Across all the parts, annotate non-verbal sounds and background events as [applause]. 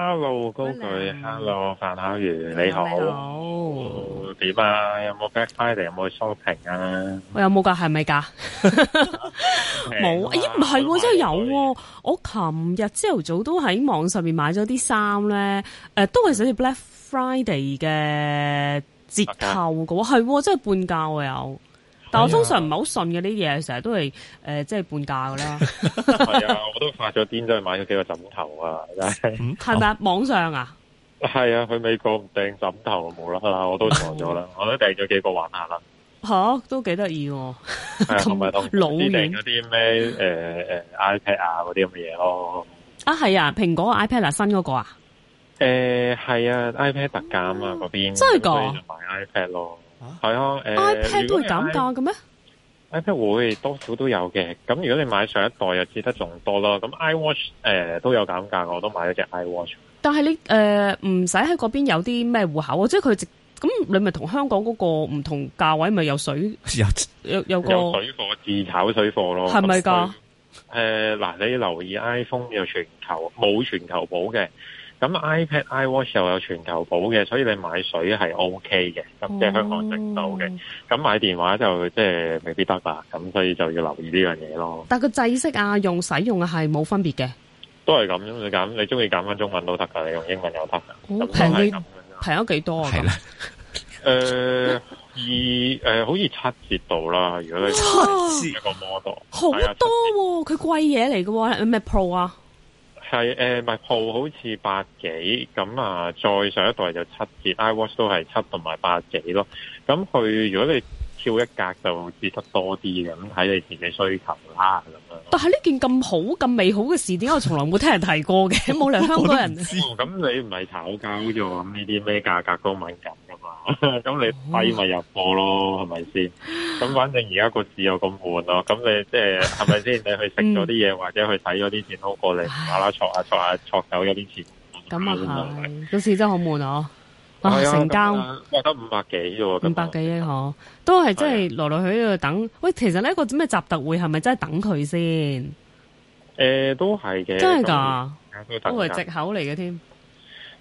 Hello 高佢，Hello 范巧如，hello，你好，點啊？有冇 Black Friday 有冇 shopping 啊？我有冇噶？係咪噶？冇？咦唔係？真係有！我琴日朝頭早都喺網上面買咗啲衫咧，誒，都係寫住 Black Friday 嘅折扣噶，係真係半價喎有。但我通常唔係好信嘅呢啲嘢，成、哎、日都係誒、呃，即係半價噶啦。 [laughs] 係啊，我都發咗癲，真係買咗幾個枕頭啊！係咪網網上啊？係啊，啊，去美國唔訂枕頭冇啦啦，我都傻咗啦， [laughs] 我都訂咗幾個玩下啦。吓、啊，都幾得意。同埋、啊、老遠嗰啲咩誒誒 iPad 啊，嗰啲咁嘅嘢咯。啊，係啊，蘋果 iPad、啊、新嗰個啊。誒、啊，係啊，iPad 特價啊，嗰邊、啊、即係講買 iPad 咯。係啊，啊、呃、iPad 都會減價嘅咩？iPad 會，多少都有嘅。咁如果你買上一代又折得仲多咯。咁 iWatch 誒、呃、都有減價，我都買咗隻 iWatch。但係你誒唔使喺嗰邊有啲咩戶口，即係佢直咁你咪同香港嗰個唔同價位咪有水 [laughs] 有有有個有水貨自炒水貨咯，係咪噶？誒嗱、呃，你留意 iPhone 有全球冇全球保嘅。咁 iPad、iWatch 又有全球保嘅，所以你買水係 O K 嘅，咁、嗯、即係香港直到嘅。咁買電話就即係未必得啦咁所以就要留意呢樣嘢咯。但個制式啊，用使用啊係冇分別嘅，都係咁。你你中意揀翻中文都得噶，你用英文又得噶。平啲平咗幾多啊？係咧，誒二誒好似七折度啦。如果你七折、啊啊、一個 model，好多喎、啊，佢貴嘢嚟嘅喎，有咩 Pro 啊？係誒，賣、呃、鋪好似八幾，咁啊，再上一代就七折，iWatch 都係七同埋八幾咯。咁佢如果你跳一格就折得多啲咁，睇你自己需求啦咁樣。但係呢件咁好、咁美好嘅事，點解我從來冇聽人提過嘅？冇 [laughs] 嚟香港人、啊。咁 [laughs] [laughs] 你唔係炒交啫？咁呢啲咩價格高敏感。咁 [laughs] 你睇咪入貨咯，係咪先？咁反正而家個市又咁悶咯，咁你即係，係咪先？你去食咗啲嘢， [laughs] 或者去睇咗啲錢通過嚟，嗯、下啦戳下戳下戳走咗啲錢。咁、嗯、啊係，股市真係好悶哦。成交得五百幾啫，五百幾億嗬，都係真係來來去去等。喂，其實呢個咩集特會，係咪真係等佢先？誒、欸，都係嘅，真係噶，都係借口嚟嘅添。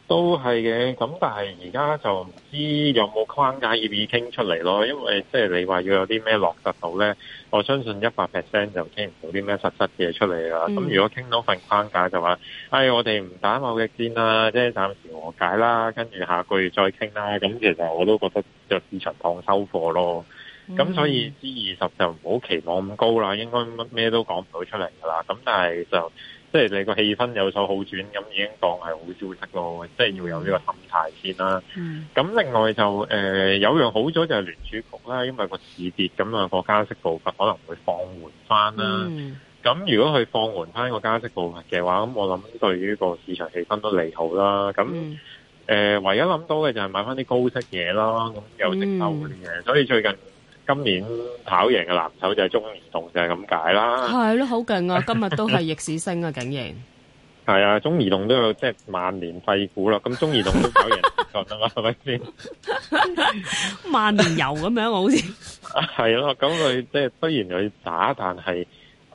都係嘅，咁但係而家就唔知有冇框架協議傾出嚟咯，因為即係你話要有啲咩落實到呢，我相信一百 percent 就傾唔到啲咩實質嘅出嚟啦。咁、嗯、如果傾到份框架就話，哎，我哋唔打某嘅戰啦，即係暫時和解啦，跟住下個月再傾啦。咁其實我都覺得就市場放收貨咯。咁所以 g 二十就唔好期望咁高啦，應該乜咩都講唔到出嚟噶啦。咁但係就。即係你個氣氛有所好轉，咁已經當係好消息咯。即係要有呢個心態先啦。咁、嗯、另外就誒、呃、有樣好咗就係聯儲局啦，因為個市跌咁啊，個加息步伐可能會放緩翻啦。咁、嗯、如果佢放緩翻個加息步伐嘅話，咁我諗對於個市場氣氛都利好啦。咁誒、嗯呃，唯一諗到嘅就係買翻啲高息嘢啦，咁有息收嗰。啲、嗯、嘢。所以最近。今年跑贏嘅藍籌就係中移動，就係咁解啦。係咯，好勁啊！今日都係逆市升啊，竟然。係啊，中移動都有即係萬年廢股啦。咁中移動都跑贏咗啦，係咪先？萬年油咁樣，我好似。係咯，咁佢即係雖然佢渣，但係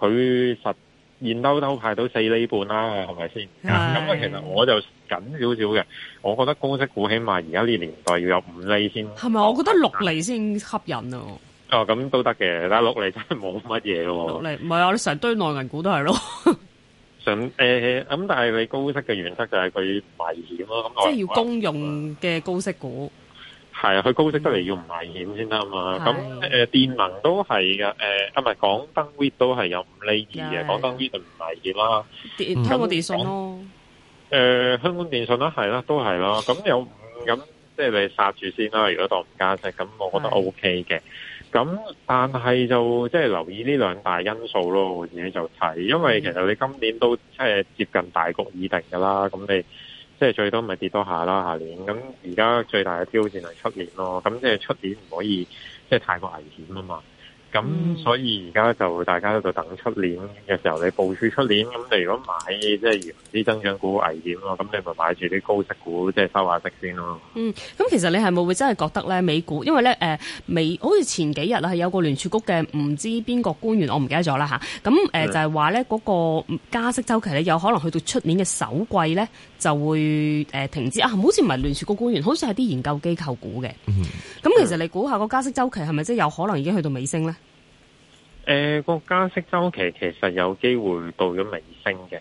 佢實。現兜兜派到四厘半啦，係咪先？咁啊，其實我就緊少少嘅。我覺得高息股起碼而家呢年代要有五厘先。係咪？我覺得六厘先吸引啊！哦，咁都得嘅，但係六厘真係冇乜嘢咯。六厘唔係啊，你成堆內銀股都係咯。想誒，咁但係你高息嘅原則就係佢危險咯。咁即係要公用嘅高息股。係啊，佢高息得嚟要唔危險先得啊嘛。咁、啊呃、電能都係嘅，誒、呃、啊唔係港燈匯都係有五釐二嘅，港燈匯就唔危險啦、嗯電呃。香港電信咯、啊，誒香港電信啦，係啦，都係啦、啊。咁有咁即係你殺住先啦。如果當唔加息，咁我覺得 O K 嘅。咁、啊、但係就即係留意呢兩大因素咯，自己就睇。因為其實你今年都即係接近大局已定噶啦，咁你。即係最多咪跌多下啦，下年。咁而家最大嘅挑戰係出年咯，咁即係出年唔可以，即係太過危險啊嘛。咁、嗯、所以而家就大家喺度等出年嘅時候，你部署出年咁，你如果買即係啲增長股危險咯，咁你咪買住啲高息股，即係收下息先咯、啊。嗯，咁其實你係咪會真係覺得咧美股？因為咧誒美好似前幾日啦，係有個聯儲局嘅唔知邊個官員，我唔記得咗啦吓。咁、啊、誒、呃嗯、就係話咧嗰個加息周期咧，有可能去到出年嘅首季咧就會誒停止啊？唔好似唔係聯儲局官員，好似係啲研究機構估嘅。咁、嗯、其實你估下個加息周期係咪即係有可能已經去到尾聲咧？誒、呃，個加息周期其實有機會到咗尾聲嘅。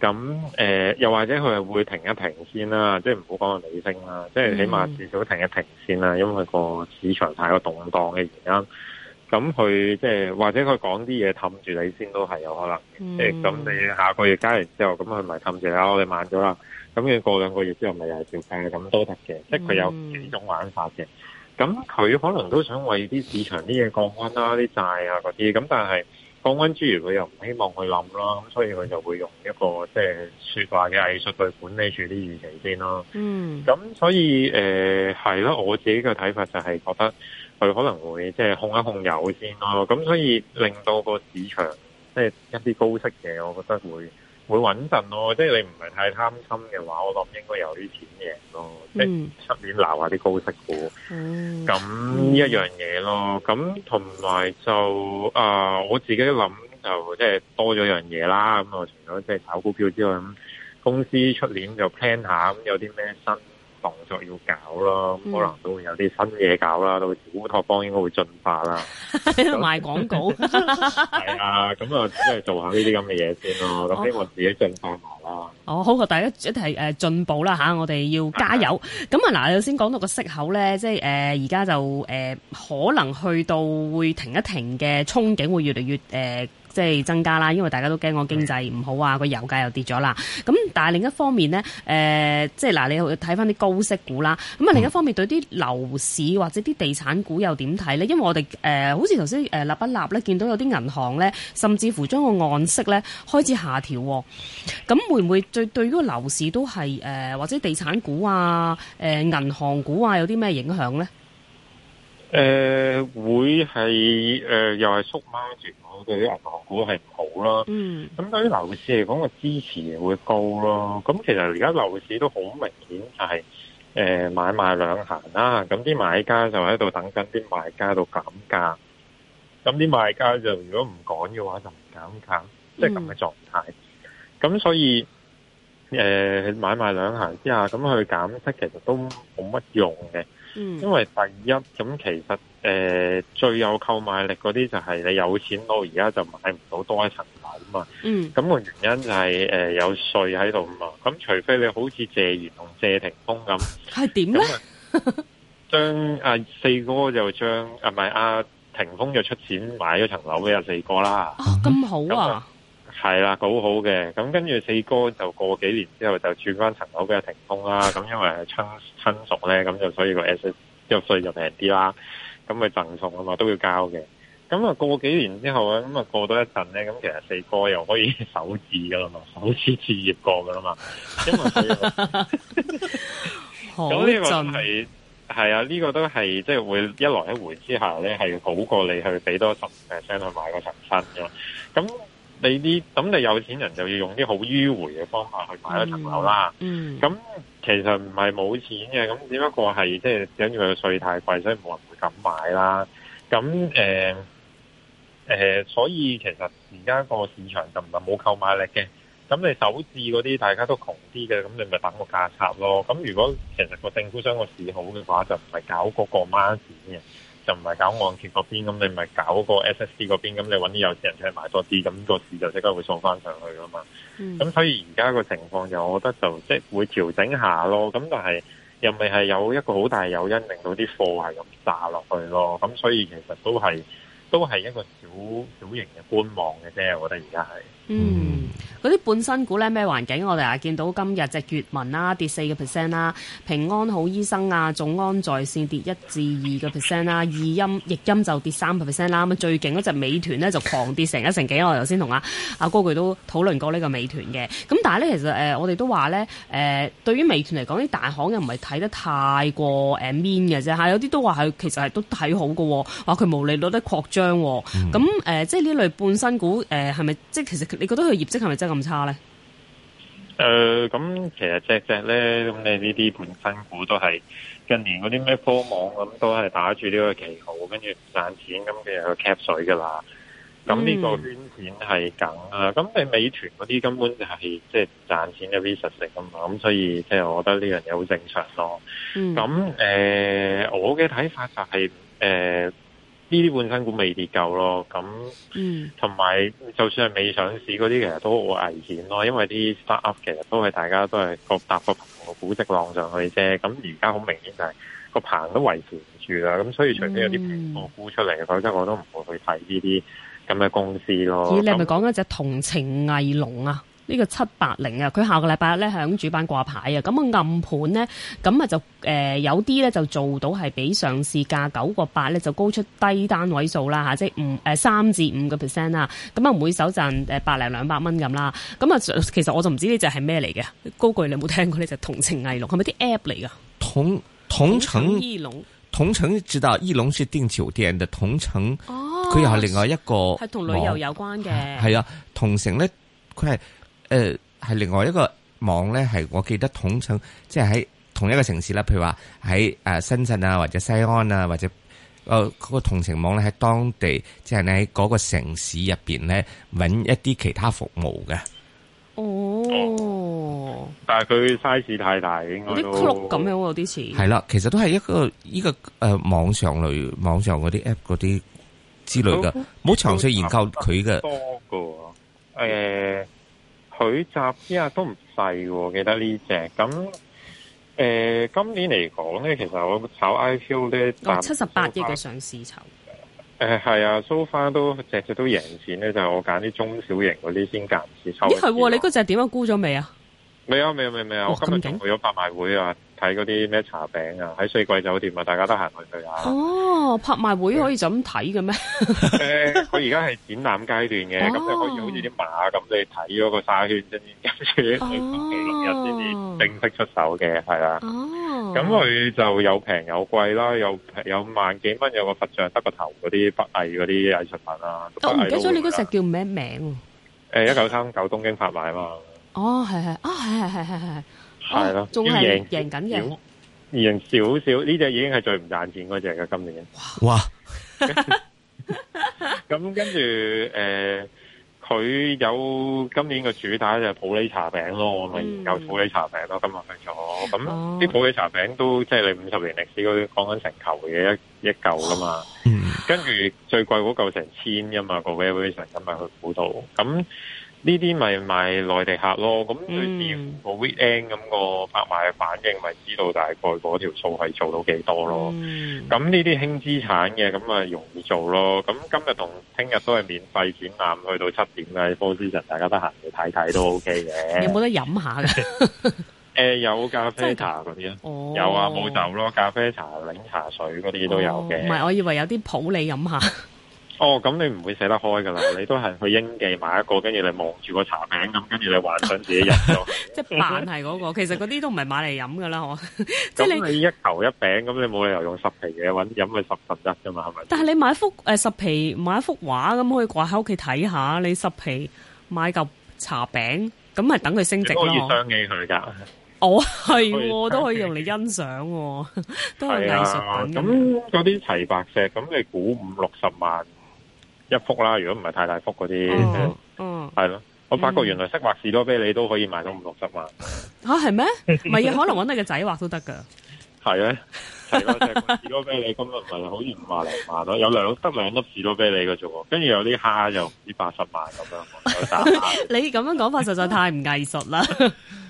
咁誒、呃，又或者佢係會停一停先啦，即係唔好講個尾聲啦，即、嗯、係起碼至少停一停先啦，因為個市場太過動盪嘅原因，咁佢即係或者佢講啲嘢氹住你先都係有可能，誒、嗯，咁、呃、你下個月加完之後，咁佢咪氹住啦，我哋慢咗啦，咁佢過兩個月之後咪又係調咁都得嘅，即係佢有幾種玩法嘅。嗯咁佢可能都想為啲市場啲嘢降溫啦、啊，啲債啊嗰啲，咁但係降溫之餘佢又唔希望去諗啦，咁所以佢就會用一個即係、就是、說話嘅藝術去管理住啲預期先咯。嗯，咁所以誒係咯，我自己嘅睇法就係覺得佢可能會即係、就是、控一控油先咯，咁所以令到個市場即係、就是、一啲高息嘅，我覺得會。會穩陣咯，即係你唔係太貪心嘅話，我諗應該有啲錢贏咯，嗯、即係出年攬下啲高息股。咁一樣嘢咯，咁同埋就啊、呃，我自己諗就即係多咗樣嘢啦。咁我除咗即係炒股票之外，咁公司出年就 plan 下，咁有啲咩新動作要搞咯，可能都會有啲新嘢搞啦，都會烏托邦應該會進化啦， [laughs] 賣廣廣告係 [laughs] [laughs] 啊，咁啊，即係做下呢啲咁嘅嘢先咯，咁希望自己進化下啦。哦、oh. oh,，好，大家一齊誒進步啦吓、啊，我哋要加油。咁啊嗱，先講到個息口咧，即係誒而家就誒、呃、可能去到會停一停嘅憧憬，會越嚟越誒。呃即係增加啦，因為大家都驚我經濟唔好啊，個油價又跌咗啦。咁但係另一方面呢，誒、呃、即係嗱，你要睇返啲高息股啦。咁啊另一方面，對啲樓市或者啲地產股又點睇呢？因為我哋誒、呃、好似頭先誒立不立咧，見到有啲銀行呢，甚至乎將個按息呢開始下調、啊。咁會唔會對對嗰個樓市都係誒、呃、或者地產股啊、誒、呃、銀行股啊有啲咩影響呢？誒、呃、會係誒、呃、又係縮貓住。對於銀行股係唔好咯，咁對於樓市嚟講，個支持會高咯。咁其實而家樓市都好明顯，就係誒買賣兩行啦。咁啲買家就喺度等緊啲賣家度減價，咁啲賣家就如果唔趕嘅話，就唔減價，即係咁嘅狀態。咁所以誒買賣兩行之下，咁去減息其實都冇乜用嘅。嗯、因為第一咁其實誒、呃、最有購買力嗰啲就係你有錢到而家就買唔到多一層樓啊嘛，咁、嗯那個原因就係、是、誒、呃、有稅喺度啊嘛，咁除非你好似謝賢同謝霆鋒咁，係點咧？將 [laughs] 阿、啊、四哥就將啊唔係阿霆鋒就出錢買咗層樓俾阿四哥啦，咁、哦、好啊！係啦，好好嘅。咁跟住四哥就過幾年之後就轉翻層樓嘅，停供啦。咁因為係親親屬咧，咁就所以個 S 入稅就平啲啦。咁咪贈送啊嘛，都要交嘅。咁啊過幾年之後咧，咁啊過多一陣咧，咁其實四哥又可以首置噶啦嘛，首置置業過噶啦嘛。咁呢 [laughs] [laughs] 個係係啊，呢、 [laughs] 這個都係即係會一來一回之下咧，係好過你去俾多十 percent 去買個層新噶。咁你啲咁你有錢人就要用啲好迂迴嘅方法去買嗰層樓啦。咁、嗯嗯、其實唔係冇錢嘅，咁只不過係即係因為個稅太貴，所以冇人會敢買啦。咁誒誒，所以其實而家個市場就唔係冇購買力嘅。咁你首置嗰啲大家都窮啲嘅，咁你咪等個價插咯。咁如果其實個政府想個市好嘅話，就唔係搞嗰個孖展嘅。就唔係搞按揭嗰邊，咁你咪搞個 S S C 嗰邊，咁你揾啲有錢人出去買多啲，咁、那個市就即刻會送翻上去噶嘛。咁、嗯、所以而家個情況就，我覺得就即係會調整一下咯。咁但係又未係有一個好大誘因，令到啲貨係咁炸落去咯。咁所以其實都係都係一個小小型嘅觀望嘅啫。我覺得而家係。嗯，嗰啲半新股咧咩環境？我哋啊見到今日隻粵文啦跌四個 percent 啦，平安好醫生啊、眾安在線跌一至二個 percent 啦，二音、逆音就跌三個 percent 啦。咁最勁嗰隻美團咧就狂跌成一 [laughs] 成幾。我頭先同阿阿高軔都討論過呢個美團嘅。咁但係咧其實誒我哋都話咧誒對於美團嚟講，啲大行又唔係睇得太過誒 mean 嘅啫嚇。有啲都話係其實係都睇好嘅，話佢無釐攞得擴張。咁、嗯、誒即係呢類半新股誒係咪即係其實？你覺得佢業績係咪真係咁差咧？誒、呃，咁其實隻隻咧，咁你呢啲本身股都係近年嗰啲咩科網咁，都係打住呢個旗號，跟住唔賺錢，咁佢又 cap 水噶啦。咁呢個圈錢係梗啦。咁你美團嗰啲根本就係即係賺錢嗰啲實情啊嘛。咁所以即係我覺得呢樣嘢好正常咯。咁誒、呃，我嘅睇法就係、是、誒。呃呢啲半新股未跌夠咯，咁同埋就算係未上市嗰啲，其實都好危險咯，因為啲 startup 其實都係大家都係各搭個棚估值浪上去啫，咁而家好明顯就係個棚都維持唔住啦，咁所以除非有啲破估出嚟，否、嗯、則我都唔會去睇呢啲咁嘅公司咯。咦、欸？你係咪講緊一隻同情藝龍啊？呢、這個七八零啊，佢下個禮拜咧喺主板掛牌啊，咁啊暗盤咧，咁啊就誒有啲咧就做到係比上市價九個八咧就高出低單位數啦嚇，即係五誒三至五個 percent 啦，咁啊每手賺誒百零兩百蚊咁啦，咁啊其實我就唔知呢隻係咩嚟嘅高句，你有冇聽過呢隻、同程藝龍係咪啲 app 嚟㗎？同同程藝龍，同程知道藝龍是訂酒店嘅，同程，哦，佢又係另外一個係同旅遊有關嘅，係、哦、啊，同城咧佢係。誒，係另外一個網咧，係我記得統稱，即係喺同一個城市啦，譬如話喺誒深圳啊，或者西安啊，或者誒嗰個同城網咧，喺當地，即係你喺嗰個城市入邊咧，搵一啲其他服務嘅。哦，但係佢 size 太大，應該都咁樣有啲似。係啦，其實都係一個依個誒網上類，網上嗰啲 app 嗰啲之類嘅，冇詳細研究佢嘅。多個誒。佢集之下都唔細，記得呢隻咁，誒、呃，今年嚟講咧，其實我炒 IPO 咧，我七十八億嘅上市籌，誒、呃，係啊，So far 都隻只都贏錢咧，就是，我揀啲中小型嗰啲先揀市籌。咦，係，你嗰隻點樣估咗未啊？未啊，未啊，未啊，未、哦、啊！我今日仲去咗拍賣會啊，睇嗰啲咩茶餅啊，喺四季酒店啊，大家都行去去啊。哦，拍賣會可以就咁睇嘅咩？誒，佢而家係展覽階段嘅，咁、哦、就可以好似啲馬咁，你睇嗰個沙圈跟住再平一日先正式出手嘅，係啦。哦，咁 [laughs] 佢、嗯嗯嗯哦嗯、就有平有貴啦，有有萬幾蚊有個佛像得個頭嗰啲不藝嗰啲藝術品啊，藝都啊。哦，唔記咗你嗰隻叫咩名？誒、呃，一九三九東京拍賣啊嘛。嗯哦，係係，啊、哦，係係係係係係，係、哦、咯，仲係贏緊嘅，贏少少，呢隻已經係最唔賺錢嗰隻嘅今年。哇，咁跟住誒，佢、呃、有今年個主打就係普洱茶餅咯，咁有普洱茶餅咯，今日去咗，咁啲普洱茶餅都即係你五十年歷史嗰啲講緊成球嘅一一嚿噶嘛，跟、嗯、住最貴嗰嚿成千噶嘛個 valuation，今日去估到咁。呢啲咪賣內地客咯，咁對住個 week end 咁個拍賣嘅反應，咪知道大概嗰條數係做到幾多咯。咁呢啲輕資產嘅，咁咪容易做咯。咁今日同聽日都係免費展覽，去到七點嘅波斯人，season, 大家都閒看看看都得閒去睇睇都 OK 嘅。有冇得飲下噶？誒，有咖啡茶嗰啲啊，oh. 有啊，冇酒咯，咖啡茶、檸茶水嗰啲都有嘅。唔、oh. 係，我以為有啲普洱你飲下。 [laughs] 哦，咁你唔會捨得開噶啦，你都係去英記買一個，跟住你望住個茶餅咁，跟住你幻想自己飲咗， [laughs] 即係扮係嗰個。 [laughs] 其實嗰啲都唔係買嚟飲噶啦，我 [laughs] 即係你一球一餅，咁你冇理由用十皮嘢搵飲佢十分一噶嘛，係咪？但係你買幅，誒十皮買一幅畫咁，呃，可以掛喺屋企睇下，你十皮買嚿茶餅咁係等佢升值咯，哦哦。可以相機佢噶，哦係，都可以用嚟欣賞，哦啊，都係藝術品。咁嗰啲齊白石咁，你估五六十萬？一幅啦，如果唔係太大幅嗰啲，Okay. 嗯，係咯吧，嗯、我發覺原來識畫士多啤梨、嗯啊、 [laughs] 都可以賣到五六十萬，吓係咩？咪有可能揾你個仔畫都得噶，係啊。係 [laughs] 多俾你？咁啊唔係，好似五萬零萬多，有兩得兩粒士都俾你嘅啫喎。跟住有啲蝦就唔知八十萬咁樣，你咁樣講法實在太唔藝術啦！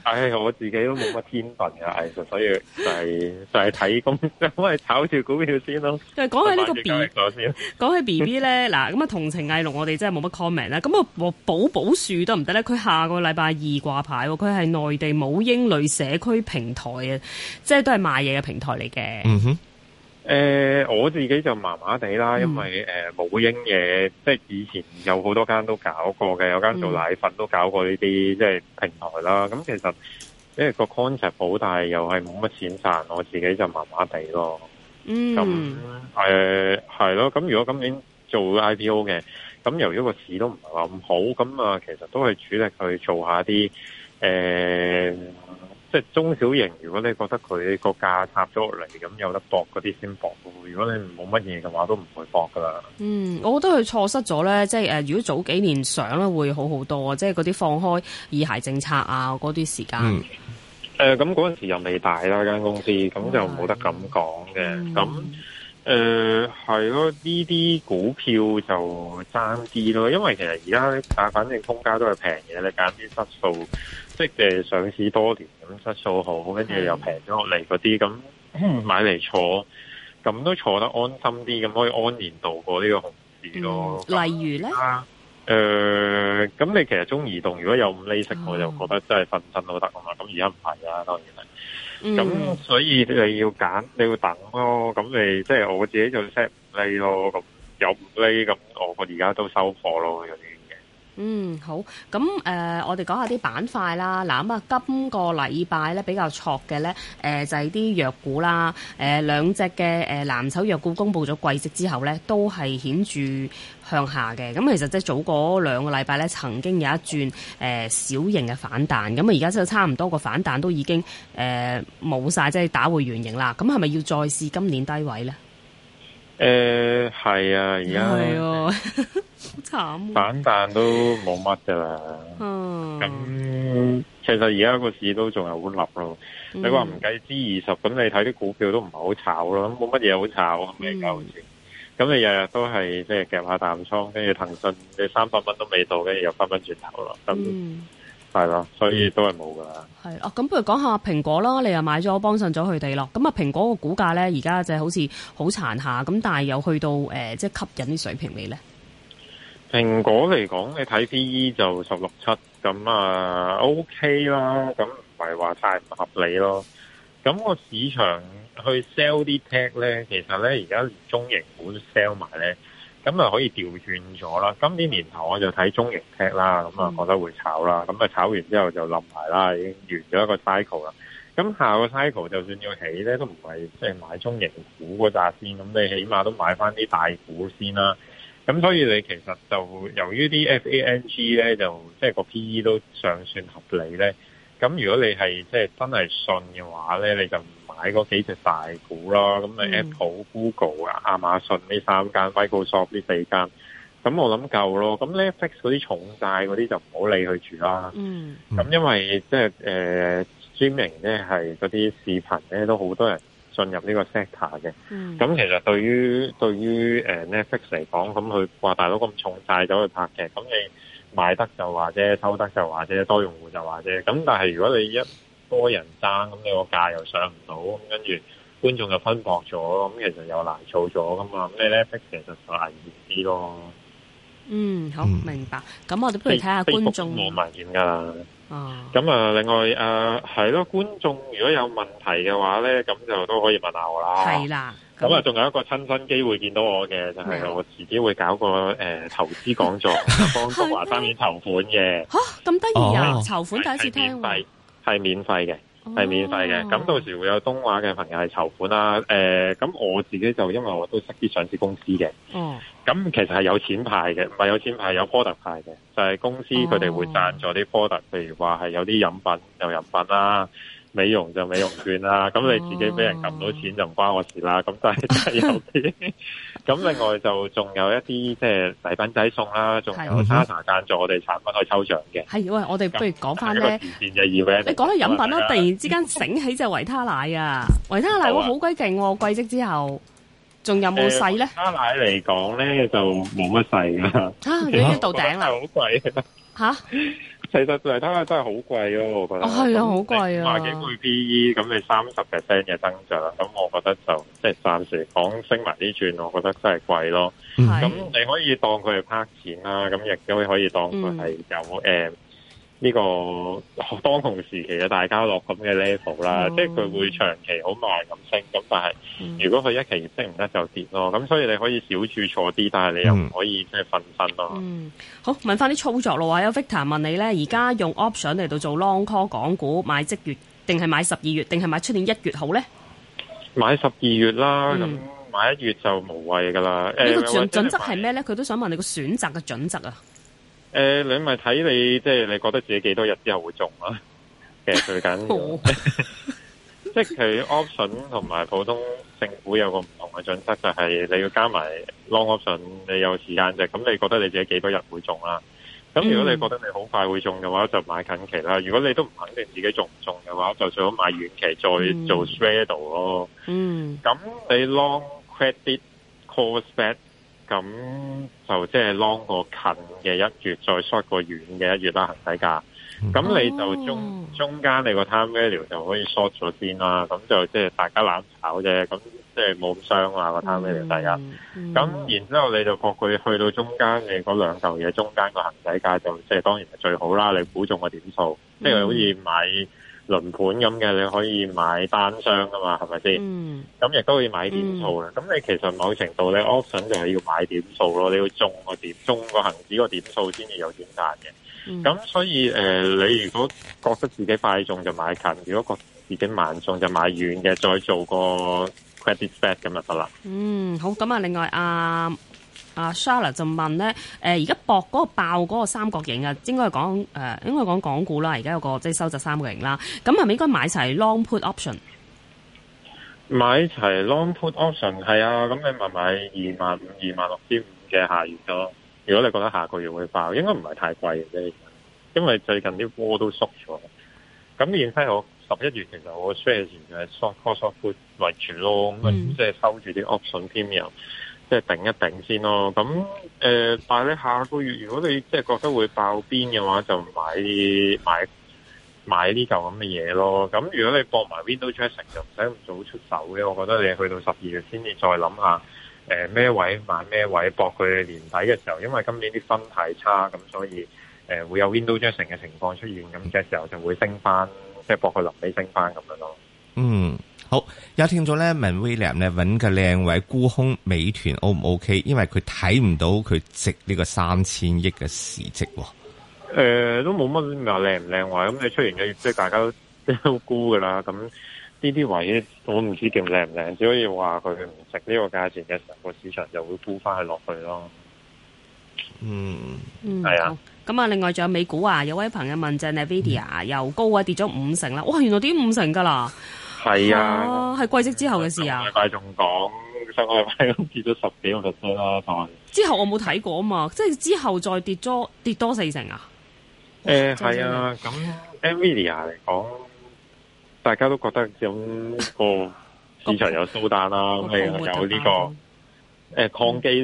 唉，我自己都冇乜天分嘅藝術，所以就係、係、就係睇即係我炒條股票先咯。就係講起呢個 B，講 [laughs] 起 B B 咧，嗱咁啊同情藝龍，我哋真係冇乜 comment 啦。咁啊，寶寶寶樹得唔得咧？佢下個禮拜二掛牌，佢係內地母嬰類社區平台啊，即係都係賣嘢嘅平台嚟嘅。嗯哼，誒、呃，我自己就麻麻地啦，因為誒母嬰嘢，即係以前有好多間都搞過嘅，有間做奶粉都搞過呢啲即係平台啦。咁其實因為個 concept 好大，又係冇乜錢賺，我自己就麻麻地咯。嗯，誒，係、呃、咯。咁如果今年做 IPO 嘅，咁由於個市都唔係話咁好，咁啊，其實都係主力去做下啲誒。呃即係中小型，如果你覺得佢個價插咗落嚟，咁有得搏嗰啲先搏。如果你冇乜嘢嘅話，都唔會搏噶啦。嗯，我覺得佢錯失咗咧，即係誒，如果早幾年上咧，會好好多。即係嗰啲放開二孩政策啊，嗰啲時間。誒、嗯，咁嗰陣時又未大啦，間公司咁就冇得咁講嘅。咁誒係咯，呢啲、呃、股票就爭啲咯。因為其實而家誒，反正通街都係平嘅。你揀啲質素。即係上市多年，咁質素好，跟住又平咗落嚟嗰啲，咁買嚟坐，咁都坐得安心啲，咁可以安然度過呢個熊市咯、嗯。例如咧，誒，咁、呃、你其實中移動如果有五厘息，我、嗯、就覺得真係瞓身都得啊嘛。咁而家唔係啊，當然係。咁、嗯、所以你要揀，你要等咯。咁你即係我自己就 set 五厘咯。咁有五厘咁，我我而家都收貨咯。嗯，好。咁誒、呃，我哋講下啲板塊啦。嗱，咁啊，今個禮拜咧比較挫嘅咧，誒、呃、就係、是、啲藥股啦。誒、呃、兩隻嘅誒、呃、藍籌藥股公布咗季績之後咧，都係顯著向下嘅。咁、嗯、其實即係早嗰兩個禮拜咧，曾經有一轉誒、呃、小型嘅反彈。咁、嗯、啊，而家即係差唔多個反彈都已經誒冇曬，即係打回原形啦。咁係咪要再試今年低位咧？誒、呃，係啊，而家好慘，反彈都冇乜噶啦。嗯，咁其實而家個市都仲係好立咯。你話唔計支二十，咁你睇啲股票都唔係好炒咯，冇乜嘢，好炒咁嘅價錢。咁你日日都係即係夾下淡倉，跟住騰訊你三百蚊都未到，跟住又翻翻轉頭咯。咁、嗯。係啦，所以都係冇噶啦。係、呃啊 OK、咯，咁不如講下蘋果囉。你又買咗，幫襯咗佢哋咯。咁啊，蘋果個股價咧，而家就好似好殘下，咁但係有去到誒，即係吸引啲水平未咧？蘋果嚟講，你睇 PE 就十六七，咁啊 OK 啦，咁唔係話太唔合理咯。咁個市場去 sell 啲 tag 呢，咧，其實咧，而家連中型股都 sell 埋咧。咁啊可以調轉咗啦，今年年頭我就睇中型股啦，咁啊覺得會炒啦，咁啊炒完之後就冧埋啦，已經完咗一個 cycle 啦。咁下個 cycle 就算要起咧，都唔係即係買中型股嗰紮先，咁你起碼都買翻啲大股先啦。咁所以你其實就由於啲 FANG 咧，就即係個 PE 都尚算合理咧。咁如果你係即係真係信嘅話咧，你就～買嗰幾隻大股咯，咁咪 Apple、Google 啊、亞馬遜呢三間、Microsoft 呢四間，咁我諗夠咯。咁 Netflix 嗰啲重債嗰啲就唔好理佢住啦。咁、嗯、因為即係誒 streaming 咧係嗰啲視頻咧都好多人進入呢個 sector 嘅。咁、嗯、其實對於對於 Netflix 嚟講，咁佢話大佬咁重債走去拍劇，咁你買得就話啫，收得就話啫，多用戶就話啫。咁但係如果你一多人爭，咁你個價又上唔到，咁跟住觀眾就分薄咗，咁其實又難做咗噶嘛。咁你咧逼其實就危險啲咯。嗯，好明白。咁、嗯、我哋不如睇下觀眾有冇問題噶啦。咁啊那，另外誒，係、呃、咯，觀眾如果有問題嘅話咧，咁就都可以問下我啦。係啦。咁、嗯、啊，仲有一個親身機會見到我嘅就係、是、我自己會搞個誒、呃、投資講座，幫 [laughs] 助話方面籌款嘅。吓，咁得意啊！籌、啊、款第一次聽。係免費嘅，係免費嘅。咁到時會有東華嘅朋友係籌款啦、啊。誒、呃，咁我自己就因為我都識啲上市公司嘅。哦。咁其實係有錢派嘅，唔係有錢派，有 product 派嘅，就係、是、公司佢哋會贊助啲 product。譬如話係有啲飲品，有飲品啦、啊，美容就美容券啦、啊。咁你自己俾人冚到錢就唔關我事啦。咁但係真係有啲。 [laughs] 咁另外就仲有一啲即係禮品仔送啦，仲有沙茶贊助我哋產品去抽奬嘅。係喂，我哋不如講翻咧，你講到飲品啦，突然之間醒起隻維他奶啊！維他奶我好鬼勁，季節之後，仲有冇細咧？維他奶嚟講咧就冇乜細啦。吓已經到頂啦，好貴。吓？其實其他真係好貴咯，我覺得。哦，係啊，好貴啊。廿幾倍 PE，咁你三十 percent 嘅增長，咁我覺得就即係暫時講升埋呢轉，我覺得真係貴、啊哦啊啊、咯。咁、嗯、你可以當佢係拍錢啦，咁亦都可以當佢係有誒。嗯呢、這個當紅時期嘅大家樂咁嘅 level 啦，oh. 即係佢會長期好慢咁升，咁但係如果佢一期升唔得就跌咯，咁、mm. 所以你可以少注錯啲，但係你又唔可以即係瞓身咯、mm. 嗯。好，問翻啲操作咯，話有 Victor 問你咧，而家用 option 嚟到做 long call 港股，買即月定係買十二月，定係買出年一月好咧？買十二月啦，咁、mm. 買一月就無謂噶啦。呢、這個準，準則則係咩咧？佢都想問你個選擇嘅準則啊。誒、呃，你咪睇你即係、就是、你覺得自己幾多日之後會中啊？其實最緊要，即係佢 option 同埋普通政府有個唔同嘅準則，就係、是、你要加埋 long option，你有時間嘅。咁你覺得你自己幾多日會中啦、啊，咁如果你覺得你好快會中嘅話，mm. 就買近期啦。如果你都唔肯定自己中唔中嘅話，就最好買遠期再做 spread 咯。嗯，咁你 long credit call spread。咁就即係 long 個近嘅一月，再 short 個遠嘅一月啦，行使價。咁你就中、oh. 中間你個 time value 就可以 short 咗先啦。咁就即係大家攬炒啫。咁即係冇咁傷啊個、oh. time value 大家。咁、oh. 然之後你就博去去到中間嘅嗰兩嚿嘢，中間個行使價就即係當然係最好啦。你估中個點數，oh. 即係好似買。輪盤咁嘅，你可以買單雙噶嘛，係咪先？咁、嗯、亦都可以買點數嘅。咁、嗯、你其實某程度咧，option 就係要買點數咯。你要中個點，中個恆指個點數先至有點賺嘅。咁、嗯、所以誒、呃，你如果覺得自己快中就買近，如果覺得自己慢中就買遠嘅，再做個 credit spec 咁就得啦。嗯，好。咁啊，另外啊。阿、uh, Shara 就問咧，誒而家博嗰個爆嗰個三角形啊，應該係講誒、呃，應該講港股啦。而家有個即係收集三角形啦，咁係咪應該買齊 long put option？買齊 long put option 係啊，咁你咪買二萬五、二萬六點五嘅下月咯。如果你覺得下個月會爆，應該唔係太貴嘅啫，因為最近啲波都縮咗。咁而家我十一月其實我 share 全部係 short call short put 為主咯，咁、嗯、即係收住啲 option premium。即係頂一頂先咯，咁誒，但係你下個月如果你即係覺得會爆邊嘅話，就買買買呢嚿咁嘅嘢咯。咁如果你博埋 Window j u c t i o n 就唔使咁早出手嘅。我覺得你去到十二月先至再諗下，誒咩位買咩位，博佢年底嘅時候，因為今年啲分太差，咁所以誒、呃、會有 Window j u c t i o n 嘅情況出現，咁嘅時候就會升翻，即係博佢臨尾升翻咁樣咯。嗯。好，有聽眾咧問 William 咧搵個靚位沽空美團 O 唔 OK？因為佢睇唔到佢值呢個三千億嘅市值。誒、呃，都冇乜話靚唔靚位，咁你、嗯、出現嘅即係大家都沽噶啦。咁呢啲位我唔知叫靚唔靚，只可以話佢唔值呢個價錢嘅時候，個市場就會沽翻去落去咯。嗯，係啊。咁、嗯、啊，另外仲有美股啊，有位朋友問就係 Nvidia 又高啊，跌咗五成啦。哇，原來跌五成噶啦！係啊，係季息之後嘅事啊。個禮拜仲講，上個禮拜咁跌咗十幾萬稅啦，之後我冇睇過啊嘛，即係之後再跌多跌多四成啊。誒、哦，係、欸、啊，咁 NVIDIA 嚟講，大家都覺得成個、嗯、 [laughs] 市場有蘇、啊如有這個那個、彈啦，有呢個誒礦機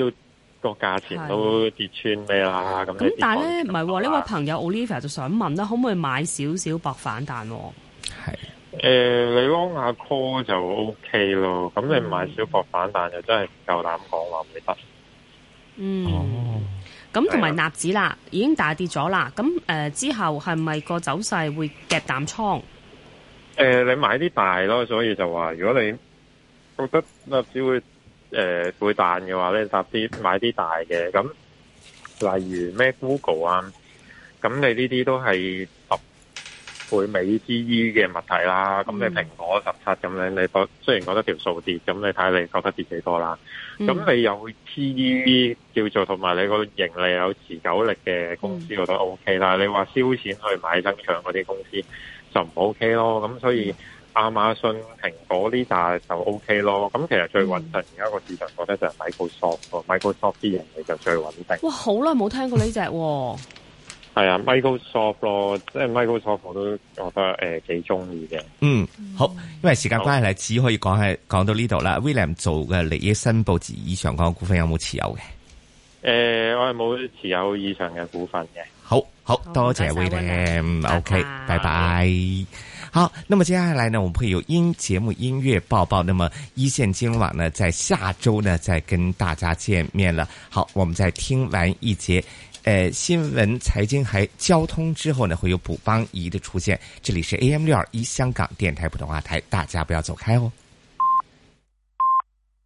都個價錢都跌穿咩啦咁。咁、啊、但係咧唔係喎，呢、啊、位朋友 Olivia 就想問啦，可唔可以買少少搏反彈、啊？誒，c 安亞科就 O、okay、K 咯，咁你唔買小博反彈就真係唔夠膽講話唔得。嗯，咁同埋納指啦，已經大跌咗啦，咁誒、呃、之後係咪個走勢會夾淡倉？誒、呃，你買啲大咯，所以就話如果你覺得納指會誒、呃、會彈嘅話咧，搭啲買啲大嘅，咁例如咩 Google 啊，咁你呢啲都係。會美之於嘅物體啦，咁你蘋果十七咁樣，你得雖然覺得條數跌，咁你睇你覺得跌幾多啦？咁、嗯、你有 P/E 叫做同埋你個盈利有持久力嘅公司覺得、嗯、OK 啦。你話燒錢去買增長嗰啲公司就唔好 OK 咯。咁所以亞馬遜、嗯、蘋果呢啲就 OK 咯。咁其實最穩陣而家個市場覺得就係 Microsoft 個、嗯、Microsoft 啲盈利就最穩定。哇！好耐冇聽過呢隻喎。係啊，Microsoft 咯，即係 Microsoft 我都覺得誒幾中意嘅。嗯，好，嗯，因為時間關係咧，只可以講係講到呢度啦。William 做嘅利益申報以上嘅股份有冇持有嘅？誒、呃，我係冇持有以上嘅股份嘅。好好，好，多謝、謝、謝 William，OK，okay, 拜、拜、拜、拜、拜拜。好，那麼接下來呢，我們會有音節目音樂報報，那麼一線今晚呢，在下周呢，再跟大家見面啦。好，我們再聽完一節。呃，新聞、財經還交通之後呢，會有補幫儀的出現。這裏是 AM 六二一香港電台普通話台，大家不要走開哦。